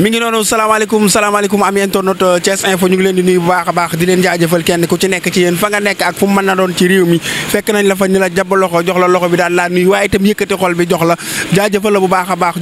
mi ngi noonu salaamaaleykum salaamaaleykum am internet euh, Thiès Info ñu ngi leen di nuyu bu baax a baax di leen jaajëfal kenn ku ci nekk ci yéen fa nga nekk ak fu mu mën na doon ci réew mi fekk nañ la fa ñu la jàpp loxo jox loxo bi daal laa nuyu waaye itam yëkkati xol bi jox a baax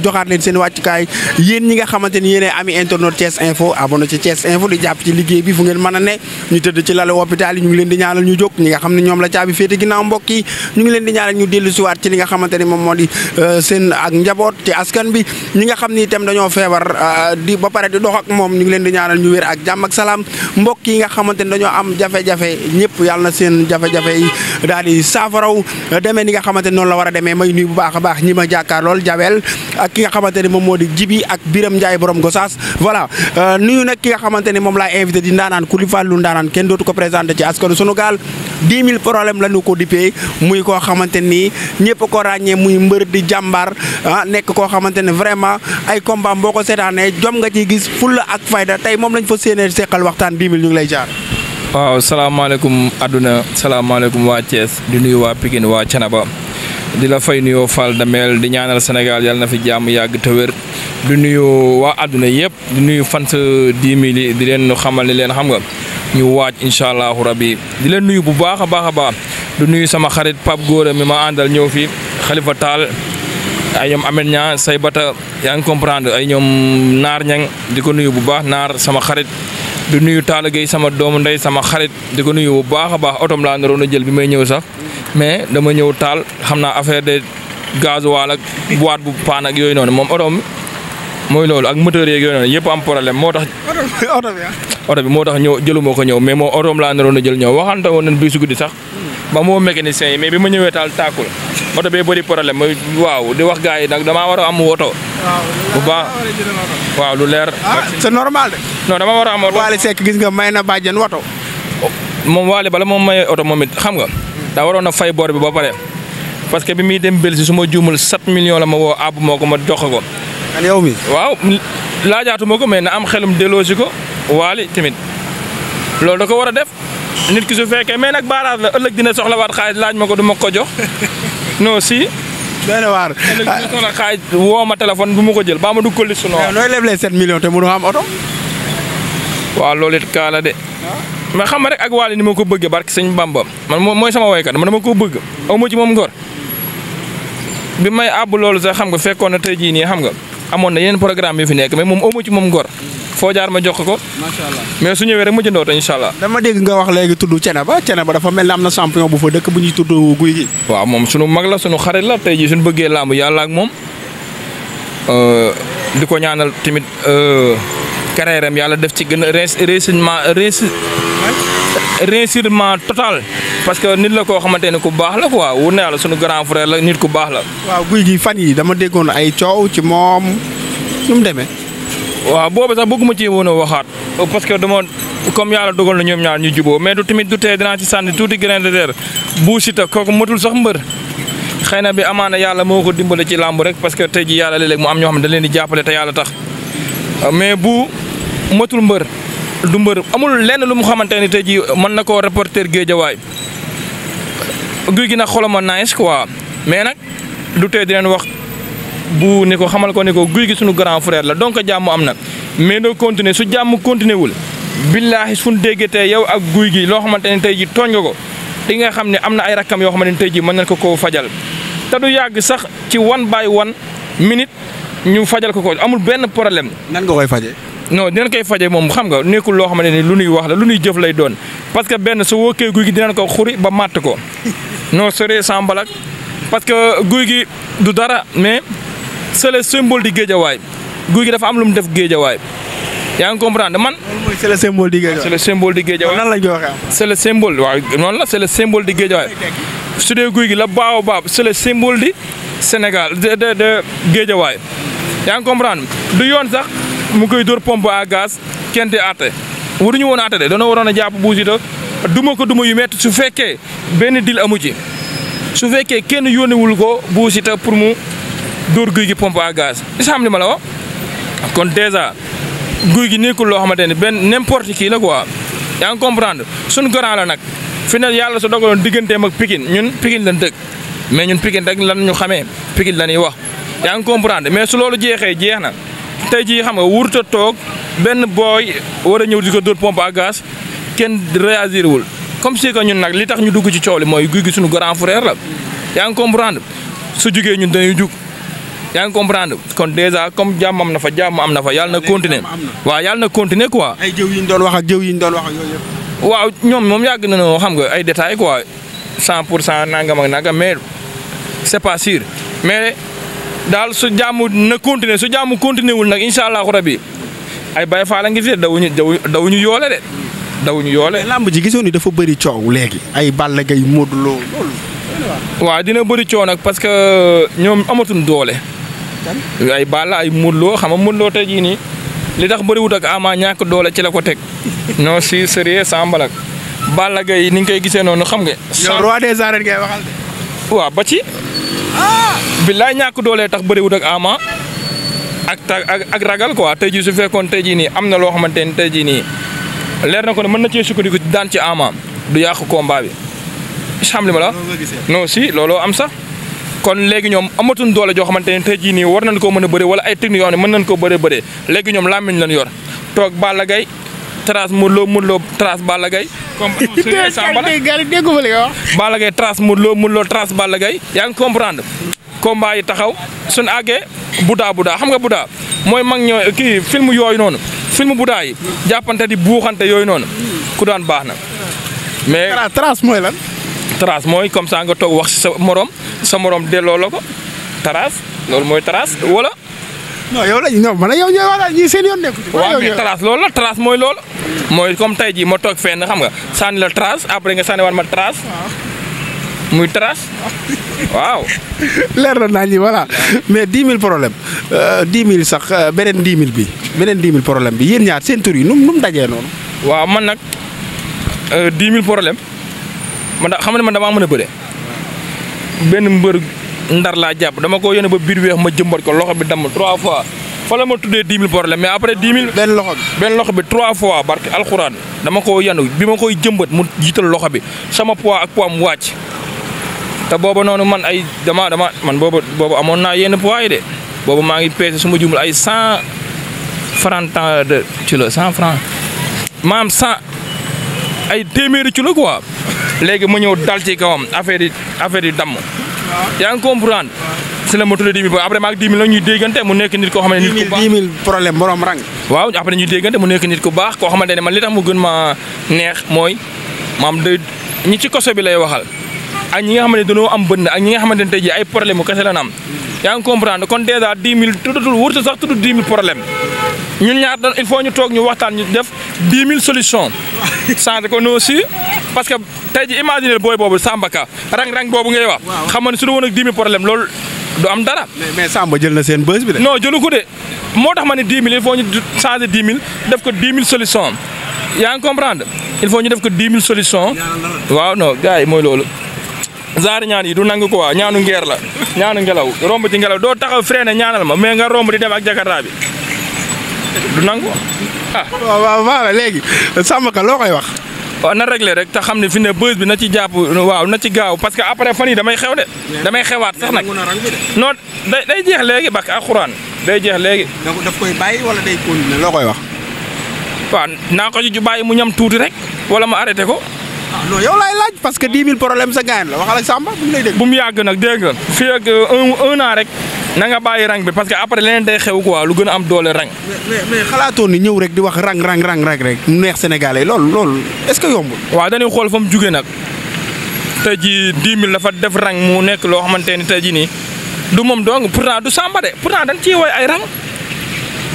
ñi nga xamante ni yéen ami internet Thiès Info abonné ci Thiès jàpp ci liggéey bi fu ngeen mën a ne ñu tëdd ci lal hôpital yi ñu ngi leen di ñaanal ñu jóg ñi nga xam ne ñoom la caabi féete ginnaaw mbokk ñu ngi leen di ñaanal ñu dellu siwaat ci li nga xamante ni moom moo di euh, seen ak njaboot ci askan bi ñi nga xam ni itam dañoo feebar euh, Euh, di ba pare di dox ak moom ñu ngi leen di ñaanal ñu wér ak jàmm salaam mbokk nga xamante ne am jafe-jafe ñëpp yàlla seen jafe-jafe yi saafaraw demee ni nga xamante noonu la war a demee may nuyu bu baax a baax ñi ma jàkkaar lool jabel ak ki nga xamante ne moom moo di jibi ak biram njaay borom gosaas voilà euh, nuyu nag ki nga xamante ne moom laa invité di ndaanaan ku li fàllu ndaanaan kenn dootu ko présenté ci askanu sunu koo xamante ni ñëpp ko ràññee muy mbër di jàmbaar ah nekk koo xamante ne vraiment ay combat boo ko seetaanee jom nga ciy gis fulla ak fayda tey moom lañ fa séenee seqal waxtaan 10 000 ñu ngi lay jaar. waaw salaamaaleykum àdduna salaamaaleykum waa Thiès di nuyu waa Pikine waa Canaba di la fay nuyoo da Damel di ñaanal Sénégal yàlla na fi jàmm yàgg te wér di nuyu waa àdduna yëpp di nuyu fans 10 000 di leen xamal ni leen xam nga ñu waaj incha allahu rabi di leen nuyu bu baax a baax a baax di nuyu sama xarit Pape Gora mi ma àndal ñëw fi Khalifa Tall. ay ñoom Ameth Niang say bata yaa ngi comprendre ay ñoom Naar Niang di ko nuyu bu baax Naar sama xarit di nuyu a Gueye sama doomu ndey sama xarit di ko nuyu bu baax a baax otom laa naroon a jël bi may ñëw sax mais dama ñëw taal xam naa affaire de gasoil ak boîte bu paan ak yooyu noonu moom otoom mooy loolu ak moteur yeeg yooyu noonu yëpp am problème moo tax. oto ah. bi moo tax ñëw jëluma ko ñëw mais moom otom laa naroon a jël ñëw waxante woon nañ bi su guddi sax. ba mu woo mécanicien yi mais bi ma ñëwee taal tàkkul oto bee bëri problème waaw di wax gaa yi nag damaa war a am woto. bu baax waaw lu leer. ah c'est normal de. non dama war a am woto. Wally Seck gis nga may na bàjjen woto. moom Wally bala moom mayee oto moom xam nga. daa waroon a fay boor bi ba pare. parce que bi muy dem Belgique su ma juumul sat millions la ma woo àbb moo ko ma jox ko. ak yow mi waaw laajaatu ma ko mais na am xelum delloosi ko Wally tamit loolu da ko war a def. nit ki su fekkee mais nag baaraas la ëllëg dina soxlawaat xaalis laaj ma ko du ma ko jox non si. benn waar ëllëg dina soxla xaalis woo ma téléphone bu ma ko jël baa ma dugg ko liste noonu. nooy leblee 7 millions te mënoo am oto. waa loolu it kaa la de. Ah. mais xam nga rek ak Wally ni ma ko bëggee barki sëñ Bamba man mooy sama woykat man dama ko bëgg a ma ci moom ngor bi may àbb loolu sax xam nga fekkoon na tey jii nii xam nga. amoon na yeneen programme yu fi nekk mais moom amu ci moom ngor foo jaar ma jox ko. macha allah mais su ñëwee rek ma jëndoo te incha dama dégg nga wax léegi tudd Ceneba Ceneba dafa mel ni am na champion bu fa dëkk bu ñuy tudd guy gi. waaw moom sunu mag la sunu xarit la tey jii suñu bëggee làmb yàlla ak moom euh, di ko ñaanal tamit euh, carrière yàlla def ci gën a réussissement réussissement. réussirement total parce que nit la ko xamante ne ku baax la quoi wu na la sunu grand frère la nit ku baax la. waaw guy gi fan yi dama déggoon ay coow ci moom nu mu demee. waaw boobu sax ma ci woon a waxaat parce que dama comme yàlla dogal na ñoom ñaar ñu juboo mais du tamit du tee dinaa ci sànni tuuti grain de terre Bou Siteu kooku matul sax mbër. xëy na bi amaana yàlla moo ko dimbale ci làmb rek parce que tey ji yàlla léeg-léeg mu am ñoo xam ne da jàppale te yàlla tax mais bu matul mbër. du mbër amul lenn lu mu xamante ne tey jii mën na koo reporter géejawaay guy gi nag xolama nice quoi mais nag du tey di wax bu ni ko xamal ko ni ko guy gi suñu grand frère la donc jàmm am na mais doo continuer su jàmm continuer wul billaahi suñ déggee tey yow ak guy gi loo xamante ne tey ji tooñ nga ko di nga xam ne am na ay rakkam yoo xamante ne tey ji mën nañ ko koo fajal te du yàgg sax ci one by one minute ñu fajal ko ko amul benn problème. nan nga koy fajee. non dinañ koy faje moom xam nga nekkul loo xam xamante ni lu nuy wax la lu nuy jëf lay doon parce que benn su wokkee guy gi dinañ ko xuri ba màtt ko non sore sans balak parce que guy gi du dara mais c'est le symbole di géejawaay guy gi dafa am lu mu def géejawaay yaa ngi man. c'est le symbole di géejawaay di géejawaay nan la joxe c'est le symbole waaw noonu la c'est le symbole di géejawaay su dee guy gi la baaw baab c'est le symbole di Sénégal de de géejawaay yaa ngi comprendre du yoon sax. mu koy dóor pomp à gaz kenn di àtte waruñu woon àtte de danoo waroon a jàpp Bou Siteu duma ko duma yu métti su fekkee benn dil amu ci su fekkee kenn yónniwul ko Bou Siteu pour mu dóor guy gi pompe à gaz isa xam li ma la wax kon dèjà guy gi nekkul loo xamante ni benn n'importe qui la waa yaa ngi comprendre suñ grand la nag fi ne yàlla sa dogaloon diggantee ak Pikine ñun Pikine lañ dëkk mais ñun Pikine rek lan ñu xamee Pikine la ñuy wax yaa ngi comprendre mais su loolu jeexee jeex na tey jii xam nga wurut a toog benn booy war a ñëw di ko dóor pompe à gaz kenn réagir wul comme si que ñun nag li tax ñu dugg ci coow li mooy guy gi suñu grand frère la yaa ngi comprendre su jugee ñun dañuy jug yaa ngi comprendre kon dèjà comme jàmm am na fa jàmm am na fa yàlla na continuer waaw yàlla na continuer quoi. ay jëw yi ñu doon wax ak jëw yi doon wax ak yooyu waaw ñoom moom yàgg nañoo xam nga ay détails quoi cent pour cent nangam ak nangam mais c'est passir mais. daal su jàmm na continuer su jàmm continuer wul nag incha allahu rabi ay bay faala ngi fi dawuñu dawuñu yoole de dawuñu yoole. làmb ji gisoon ni dafa bëri coow léegi. ay Balla Gaye Modou Lo waaw dina bëri coow nag parce que ñoom amatuñ doole. ay Balla ay Modou Lo xam nga Modou Lo tey jii nii li tax bëriwut ak Ama ñàkk doole ci la ko teg. non si sérieux sans balak. Balla Gaye ni nga koy gisee noonu xam nga. yow roi des arènes ngay waxal ba ci. billaay ñàkk doolee tax bëriwut ak Ama ak ak ak ragal quoi tey jii su fekkoon tey jii nii am na loo xamante ni tey jii nii leer na ko ne mën na cee sukkandiku daan ci Ama du yàq combat bi. xam la non si looloo am sax kon léegi ñoom amatuñ doole joo xamante ne tey jii nii war nañ ko mën a bëri wala ay technique yoo xam ne mën nañ koo bëree bëree léegi ñoom làmmiñ lañ yor toog Balla Gaye trace Modou Lo Modou Lo trace Balla Gaye. comme Serigne Samba la gars yi déggu ma li nga wax. Balla Gaye trace Modou Lo Modou yaa ngi comprendre. combat yi taxaw suñu àggee budaa budaa xam nga budaa mooy mag ñoo kii film yooyu noonu film budaa yi jàppante di buuxante yooyu noonu ku daan baax na. mais trace mooy lan. trace mooy comme ça nga toog wax si sa morom sa morom delloo la ko loolu mooy trace wala. non yow lañ non man yow ñooy wax ñii seen yoon nekkul. waaw mais trace loolu la trace mooy loolu. mooy comme tey jii ma toog fenn xam nga sànni la trace après nga sànniwaat ma trace. muy trace waaw. leer na naa ñi voilà mais 10 000 problème 10 euh, 000 sax euh, beneen 10 000 bi beneen 10 000 problème bi yéen ñaar seen tur nu mu nu mu dajee noonu. waaw man nag 10 euh, 000 problème man da xam ne ma damaa mën a bëre benn mbër. ndar laa jàpp dama ko yónnee ba biir weex ma jëmbat ko loxo bi damm trois fois fa la ma tuddee dix mille problème mais après dix mille. benn loxo bi benn loxo bi trois fois barke alxuraan dama ko yanu bi ma koy jëmbat mu jiital loxo bi sama poids ak poids mu wàcc te booba noonu man ay dama dama man booba boobu amoon naa yenn poids yi de boobu maa ngi peese su ma jumul ay cent franc temps de kilo cent franc maam cent ay téeméeri kilo quoi léegi ma ñëw dal ci kawam affaire yi affaire yi damm. yaa ngi comprendre. si la ma tudd 10 000 après maag 10 000 ñuy déggante mu nekk nit koo xam ne. nit ku baax 10 000 rang. waaw après ñuy déggante mu nekk nit ku baax koo xamante ne man li tax mu gën ma neex mooy maam day ñi ci koso bi lay waxal ak ñi nga xam ne dañoo am bënn ak ñi nga xamante ne tey jii ay problème mu kese la am. yaa ngi comprendre kon dèjà 10 000 tuddatul wurtu sax tudd 10 000 problème ñun ñaar dañ il faut ñu toog ñu waxtaan ñu def. dix mille solutions changé ko non si parce que tey ji imaginer booy boobu Sambaka rang-rang boobu ngay wax xam nga ne su du woon ak dix problème loolu du am dara. mais Samba jël na seen bës bi de. non jëlu ko de moo tax ma ne dix mille il faut ñu changer dix mille def ko dix mille solution yaa ngi comprendre il faut ñu def ko dix mille solution waaw non gars yi mooy loolu. zaari ñaan yi du nangu ko waa ñaanu ngeer la ñaanu ngelaw romb ci ngelaw doo taxaw freiné ñaanal ma mais nga romb di dem ak jakarta bi du nangu. waaw waaw waaw léegi sàmmkat loo koy wax. waaw na réglé rek te xam ne fi ne bës bi na ci jàpp waaw na ci gaaw parce que après fan yi damay xew de. damay xewaat sax nag non day day jeex léegi bak alxuraan day jeex léegi. donc daf koy bàyyi wala day continuer koy wax. waaw naa ko ci bàyyi mu ñam tuuti rek wala ma arrêté ko. ah non yow laay parce que 10 000 problème sa gaañ la waxal ak bu mu yàgg nag dégg nga fii ak un un rek. nanga nga bàyyi rang bi parce que après leneen day xew quoi lu gën am doole rang. mais mais xalaatoon ni ñëw rek di wax rang rang rang rang rek mu neex sénégalais loolu loolu est que yombul. waaw dañuy xool fa mu jugee nag tey jii 10 000 def rang mu nekk loo xamante ni tey jii nii du moom dong pourtant du sàmba de pourtant dañ ciy woy ay rang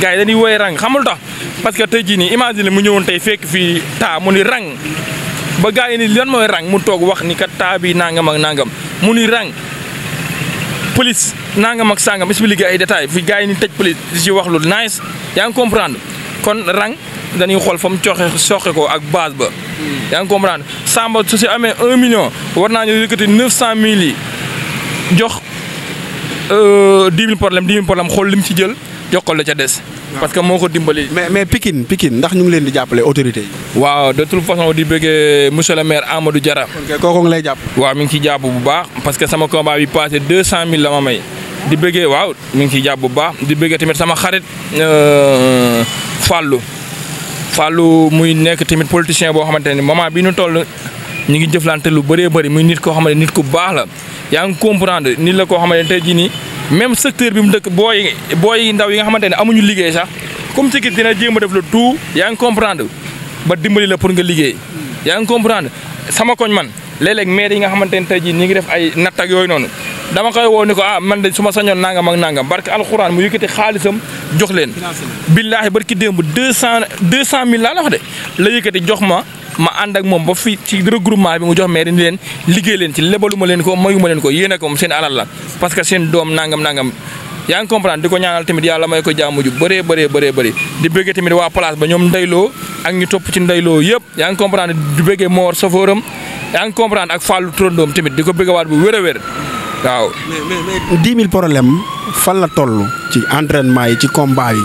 gars yi dañuy woy rang xamul tax parce que tey jii nii imagine mu ñëwoon tey fekk fii taa mu ni rang ba gars yi ni lan mooy rang mu toog wax ni kat taa bi nangam ak nangam mu ni rang. police nangam ak sangam expliqué ay détails fi gars yi ni tëj police di ci wax lu nice yaa ngi comprendre kon rang dañuy xool fa mu cooxe soxe ko ak base ba. Hmm. yaa ngi comprendre Samba su si amee un million war naa ñu yëkkati neuf cent mille millie jox euh, dix mille problème dix mille problème xool lim ci jël jox ko la ca des. parce que moo ko dimbali. mais mais pikin Pikine ndax ñu ngi leen di jàppale autorité yi. waaw de toute façon di bëggee monsieur le maire Amadou Diarra. ok kooku nga lay jàpp. waaw mi ngi ciy jàpp bu baax parce que sama combat bi passé deux cent di bëggee waaw mi ngi ciy jàpp bu baax di bëggee tamit sama xarit euh, Fallou Fallou muy nekk tamit politicien boo xamante ne moment bi nu toll ñu ngi jëflante lu bëree bëri muy nit koo xamante nit ku baax la yaa ngi comprendre nit la koo xamante ne tey jii nii. même secteur bi mu dëkk booy booy ndaw yi nga xamante ne amuñu liggéey sax comme ci dina jéem a def le tout yaa ngi comprendre ba dimbali la pour nga liggéey yaa ngi comprendre sama koñ man léeg-léeg maire yi nga xamante ne tey jii ñi ngi def ay nattak yooyu noonu dama koy woo ni ko ah man de su ma sañoon nangam ak nangam barke alxuraan mu yëkkati xaalisam jox leen billaahi barki démb deux cent deux cent mille laa la wax de la yëkkati jox ma ma ànd ak moom ba fi ci regroupement bi mu jox maire ni leen liggéey leen ci lebaluma leen ko mayuma leen ko yéene ko moom seen alal la parce que seen doom nangam nangam yaa ngi comprendre di ko ñaanal tamit yàlla may ko jaamu ju bëree bëree bëree bëri di bëggee tamit waa place ba ñoom ndayloo ak ñu topp ci ndayloo yëpp yaa ngi comprendre di bëggee moor safóoram yaa ngi comprendre ak fàllu trondoom tamit di ko bëggawaat bu wér a wér waaw. mais mille problème fan la toll ci entraînement yi ci combat yi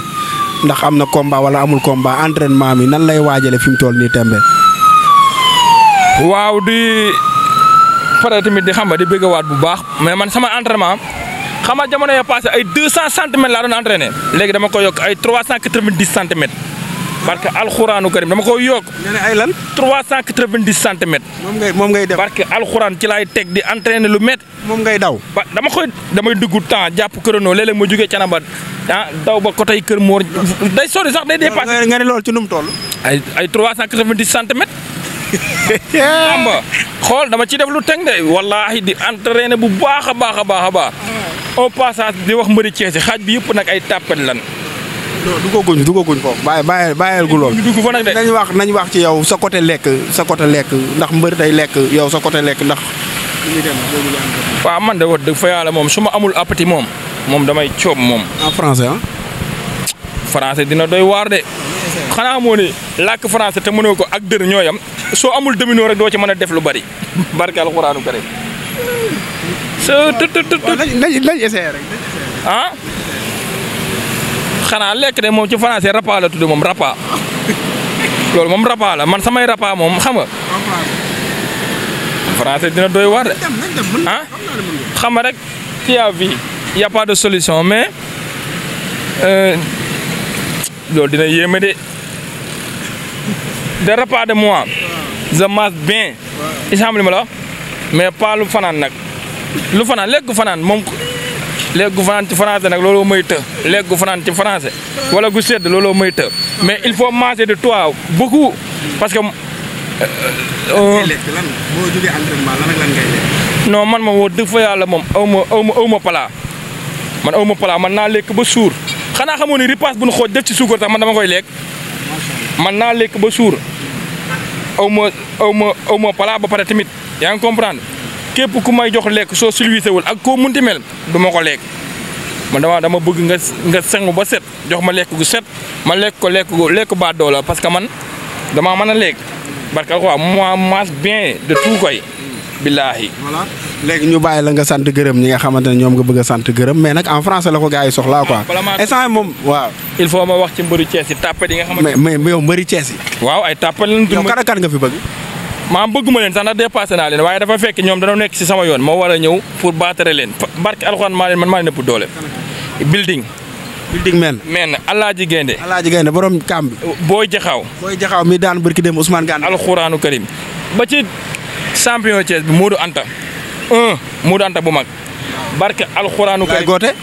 ndax am na combat wala amul combat entraînement mi nan lay waajalee fi mu toll nii tembe waaw di pare tamit di xam nga di bëggawaat bu baax mais man sama entraînement xam nga jamono ya passé ay 200 centimètres laa doon entraîné léegi dama ko yokk ay 390 centimètres barke alxuraanu karim dama koy yokk. nga ne ay lan. 390 centimètres. moom ngay moom ngay def barke alxuraan ci laay teg di entraîné lu métti. moom ngay daw. ba dama koy damay dugg temps jàpp këranoo léeg-léeg ma jógee Canaba ah daw ba côté Kër Mor. day sori sax day dépassé. nga ne loolu ci nu mu toll. ay ay 390 centimètres. Bamba xool dama ci def lu teg de wallaahi di entraîné bu baax a baax a baax a baax. Mm. au passage di wax mbëri Cees xaaj bi yëpp nag ay tàppet lan. non duggaguñ duggaguñ foofu bàyyi bàyyi bàyyil gu lool. dugg fa nag de nañ wax ci yow sa côté lekk sa côté lekk ndax mbër day lekk yow sa côté lekk ndax. waaw man de wax moom su ma amul appétit moom moom damay coob moom. en français français dina doy waar de. xanaa moo ne làkk français te mënoo ko ak dër yam soo amul domino rek doo ci mën a def lu bari barke alxuraanu karim soo rek ah? xanaa lekk de moom ci français rapa la tudd moom rapa loolu moom rapa la man samay rapa moom xam nga français dina doy waar ah xam nga rek ci vie y pas de solution mais euh, loolu dina yéeme de de repas de moi je mange bien isaam li ma la wax mais pas lu fanaan nag lu fanaan lekk gu fanaan moom lekk gu fanaan ci français nag looloo may të lekk gu fanaan ci français wala gu sedd looloo may të mais il faut mase de toi beaucoup parce que euh, euh, non man ma woo dëgg fa yàlla moom aw aw ma aw ma palaa man aw ma palaa man naa lekk ba suur xanaa xamoo ne ripaas bu ñu xooj def ci suukar tax man dama koy lekk man naa lekk ba suur aw ma aw ma aw ma palaa ba pare tamit yaa ngi comprendre képp ku may jox lekk soo silwisewul ak koo munti mel du ma ko lekk man dama dama bëgg nga nga sangu ba set jox ma lekk gu set ma lekk ko lekk gu lekk baa doola parce que man damaa mën a lekk barka quoi moi mange bien de tout koy billaahi voilà léegi ñu bàyyi la nga sant gërëm ñi nga xamante ne ñoom nga bëgg a sant gërëm mais nag en français la ko yi soxlaa quoi. instant moom ma wax ci mbëri Cees yi tàppet yi nga xamante ne. mais mais yow mbëri Cees yi. waaw ay tàppet lañ. yow kan ak kan nga fi bëgg. maam bëgguma leen sax ndax dépassé naa leen waaye dafa fekk ñoom dañoo nekk si sama yoon moo war a ñëw pour baatare leen barke alxuraan maa leen man maa leen doole building building men men alaaji gaynde alaaji gaynde bi booy jaxaaw booy jaxaaw mi daan bërki dem Ousmane Gane alxuraanu karim ba ci champion Thiès bi Modou Anta un Modou Anta bu mag. barke alxuraanu. laay goote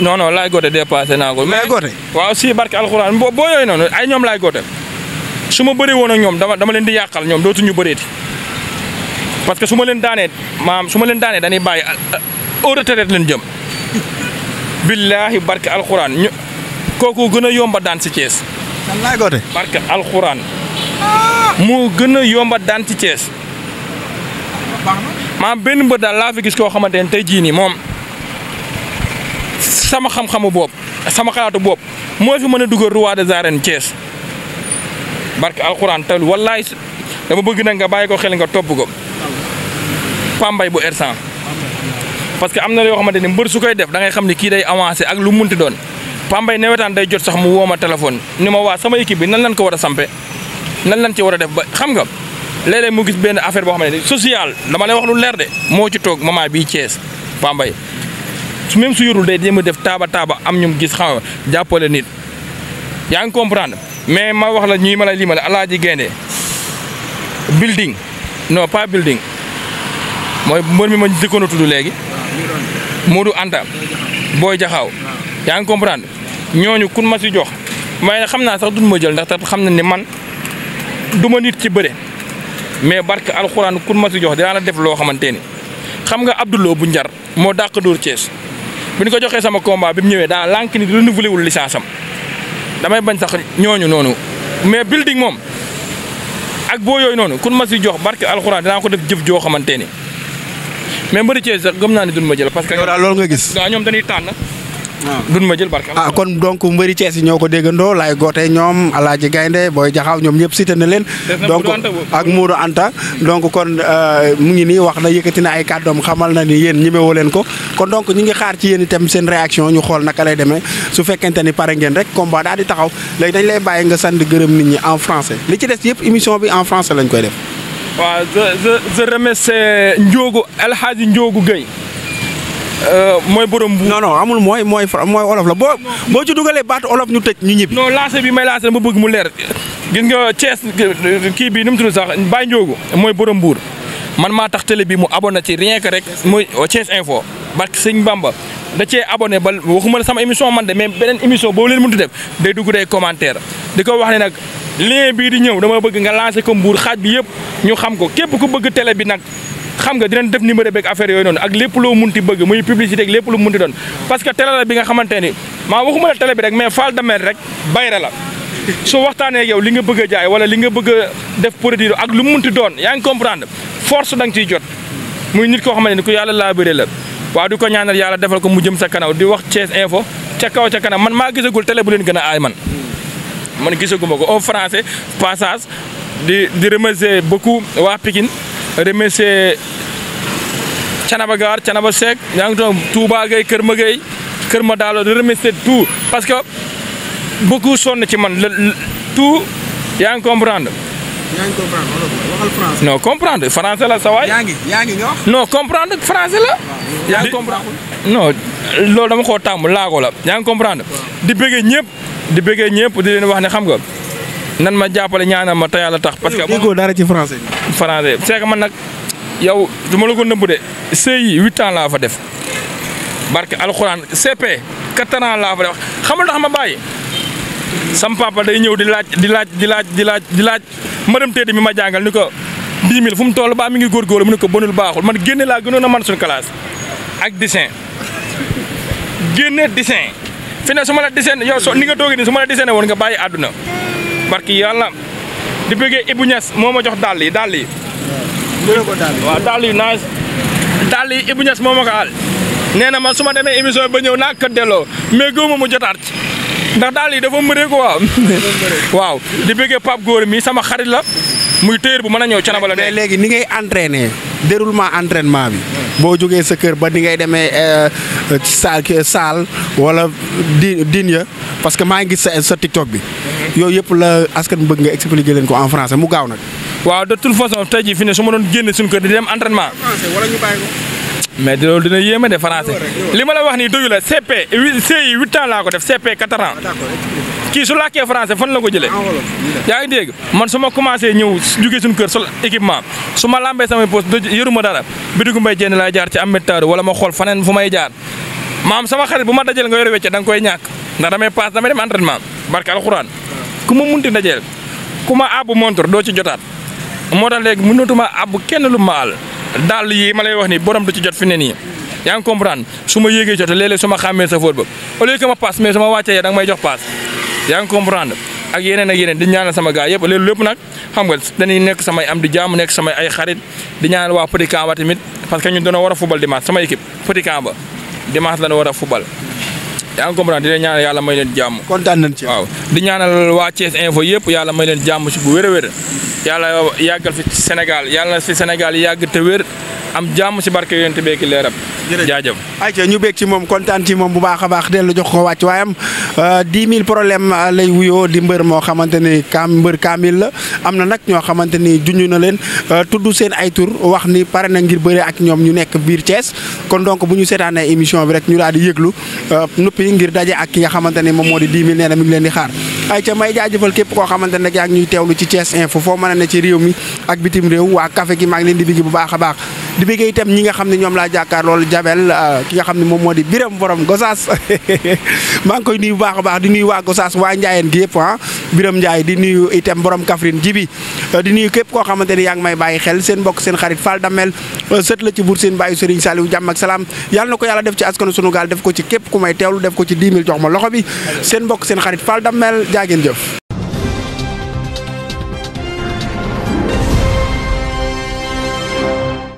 non non laay goote dépassé naa ko. laay goote waaw si barke alxuraan boo boo yooyu noonu ay ñoom laay goote su ma bëree woon ak ñoom dama dama leen di yàqal ñoom dootuñu bëreeti parce que su ma leen daanee maam su ma leen daanee dañuy bàyyi au euh, retraite leen jëm. billaahi barke alxuraan ñu kooku gën a yomba daan si Thiès. laay goote barke alxuraan. moo gën a yomba daan si Thiès. maa benn mbër daal laa fi gis koo xamante ne tey jii nii moom sama xam-xamu bopp sama xalaatu bopp moo fi mën a dugal roi des arènes Thiès barke alxuraan tal wallaay dama bëgg nag nga bàyyi ko xel nga topp ko pambay bu ersan parce que am na yoo xamante ni mbër su koy def da ngay xam ni kii day avancé ak lu munti doon pambay newetaan day jot sax mu woo ma téléphone ni ma waa sama équipe bi nan lañ ko war a sampe nan lañ ci war a def ba xam nga léeg-léeg mu gis benn affaire boo xam ne social dama lay wax lu leer de moo ci toog maman bii Thiès Pambay su même su yorul day jéem ma def taaba taaba am ñum gis xaw jàppale nit yaa ngi comprendre mais ma wax la ñuy ma lay limal Alaaji Gaynde building non pas building mooy mbër mi ma dëkkoon léegi Modou Anta Boy Jaxaaw yaa ngi comprendre ñooñu ma si jox may xam naa sax duñ ma jël ndax tax xam na ni man du ma nit ci bëre mais barke alxuraan kun ma si jox dinaa la def loo xamante ni xam nga Abdoulaye bu njar moo dàq dóor Thiès bu nu ko joxee sama combat bi mu ñëwee daa lànk ni renouvelé wul licence am damay bañ sax ñooñu noonu mais building moom ak boo yooyu noonu kun ma si jox barke alxuraan dinaa ko def jëf joo xamante ni mais mbëri Thiès sax gëm naa ma jël. parce que yow loolu nga gis. waaw ñoom dañuy tànn. duñ ma jël barke ah kon donc mbëri Cees yi ñoo ko déggandoo Laay Goote ñoom Alaaji Gaynde Booy Jaxaaw ñoom ñëpp cité na leen donc ak Mourou Anta donc kon euh, mu ngi nii wax na yëkkati na ay kàddoom xamal na ni yéen ñemewoo leen ko kon donc ñu ngi xaar ci yéen itam seen réaction ñu xool naka lay demee su fekkente ni pare ngeen rek combat daal di taxaw léegi dañ lay bàyyi nga sant gërëm nit ñi en français li ci des yëpp émission bi en français lañ koy def waaw je je je remercie Ndiogu Euh, mooy borom bu. non non amul mooy mooy mooy olof la boo boo ci dugalee baatu olof ñu tëj ñu ñibbi. non lancé bi may lancé ma bëgg mu leer gis nga Thiès kii bii nu mu tudd sax Baye Ndiogu mooy borom mbuur man maa tax télé bi mu abonné ci rien que rek mooy Thiès info barke sëñ Bamba da cee abonné ba waxuma la sama émission man de mais beneen émission boo leen mënut def day dugg day commentaire di ko wax ne nag lien bii di ñëw dama bëgg nga lancé ko mbuur xaaj bi yëpp ñu xam ko képp ku bëgg télé bi nag. xam nga dinañ def numéro beeg affaire yooyu noonu ak lépp loo munti bëgg muy publicité ak lépp lu munti doon parce que télé la bi nga xamante ni maa waxuma la télé bi rek mais Fall Damel rek bayre la su waxtaanee yow li nga bëgg a jaay wala li nga bëgg a def produit ak lu munti doon yaa ngi comprendre force da nga ciy jot muy nit koo xamante ni ko yàlla laa bëree la waaw di ko ñaanal yàlla defal ko mu jëm sa kanaw di wax Thiès info ca kaw ca kanam man maa gisagul télé bu leen gën a aay man man gisaguma ko au français passage di di remercier beaucoup waa remercier Thiénaba Gare Thiénaba Seck yaa ngi toog Touba Gueye Kër Magueye Kër Madalo di parce que beaucoup sonn ci man tout yaa ngi comprendre. yaa ngi comprendre la sa waay. yaa ngi yaa ngi ñor. non comprendre français la. yaa ngi comprendre. non loolu dama koo tàmm laago la. yaa ngi comprendre. di bëggee ñëpp di bëggee ñëpp di leen wax ne xam nga. nan ma jàppale ñaanal ma te yàlla tax. parce que déggoo dara ci français bi. français man nag yow du ma la ko nëbb de sëy huit ans laa fa def barke alxuraan CP quatre ans laa fa def xam nga tax ma baay sam papa day ñëw di laaj di laaj di laaj di laaj di laaj ma dem mi ma jàngal ni ko dix mille mu toll baa mi ngi góorgóorlu mu ne ko bonul baaxul man génne laa gënoon a man suñu classe ak dessin génne dessin fi ne su ma la dessin ni nga toogee nii su ma la dessiné woon nga bàyyi àdduna. barki yàlla di bëggee Ibou Niass moo ma jox dàll yi dàll yi. waaw dàll yi naa dàll yi Ibou Niass moo ma nee na ma su ma demee émission ba ñëw naa ko delloo mais góob mu jotaat ci ndax dàll yi dafa mëree ko waaw. di bëggee Pape Góor mii sama xarit la muy téer bu mën a ñëw canaba la. mais léegi ni ngay entraîné déroulement entraînement bi. boo jógee sa kër ba di ngay demee saal euh, saal wala di din ya parce que maa ngi gis sa sa TikTok bi. yooyu yëpp la askan bëgg nga expliquer leen ko en français mu gaaw nag. waaw de toute façon tey jii fi ne su doon génne suñu kër di dem entraînement. wala ñu bàyyi ko. mais loolu dina yéeme li ma la wax nii doyu la CP CI huit ans laa ko def CP quatre ans. Ah, kii la ko jëlee. yaa ngi dégg man su ma commencé ñëw jugee suñu kër sol équipement su ma lambee samay poste yëruma dara bitigu mbay jenn laay jaar ci am météo wala ma xool faneen fu may jaar. maam sama xarit bu ma dajale nga yore wecce da nga koy ñàkk ndax damay paas damay dem entraînement barke alxuraan. ku ma munti dajeel ku ma àbb montre doo ci jotaat moo tax léegi mënatuma àbb kenn lu ma al dàll yii ma lay wax nii borom du ci jot fi ne nii yaa ngi comprendre su ma yéegee jot léeg-léeg su sa fóot ba au lieu que ma wàccee da nga jox paas yaa ngi comprendre ak yeneen ak yeneen di ñaanal sama gars yëpp léegi lépp nag xam nga dañuy nekk sama am di jàmm nekk sama ay xarit di ñaanal waa Petit Kamba tamit parce que ñun dañoo war a fubal dimanche sama équipe Petit Kamba dimanche la ñu war a fubal yaa ngi comprendre di leen ñaanal yàlla may leen jàmm. kontaan nañ ci waaw di ñaanal waa Thiès info yëpp yàlla may leen jàmm si bu wér a wér yàlla yàggal fi Sénégal yàlla fi Sénégal yàgg te wér am jàmm ci barke yonent bi ak leeram jaajëf ayca ñu béeg ci moom kontaan ci moom bu baax a baax dellu jox ko wàcc waayam euh, dix mille problème euh, lay wuyoo di mbër moo xamante ni kaam mbër kaamil la am na nag ñoo xamante ni junj na leen euh, tudd seen ay tur wax ni pare na ngir bëre ak ñoom ñu nekk biir cees kon donc bu ñu seetaanee émission bi rek ñu daal di yëglu nuppi ngir daje ak ki nga xamante ni moom moo di dix mille ngi leen di xaar ayca may jaajëfal képp koo xamante ne yaa ngi ñuy teewlu ci Thiès info foo mën a réew mi ak bitim réew waa café gi maa ngi leen di bigi bu baax a di bëggee itam ñi nga xam ne ñoom laa jàkkaar loolu Jabel euh, ki nga xam ne moom moo di Biram borom Gosaas maa ngi koy nuyu baax baax di nuyu waa Gosaas waa Njaayeen gi yëpp ah. Biram Njaay di nuyu itam borom Kaffrine jibi euh, di nuyu képp koo xamante ni yaa ngi may bàyyi xel seen mbokk seen xarit Fall Damel euh, sët la ci buur seen bàyyi Serigne Saliou jàmm ak salaam yàlla na ko yàlla def ci askanu sunu gaal def ko ci képp ku may teewlu def ko ci 10 000 jox ma loxo bi seen mbokk seen xarit Fall Damel jaageen jëf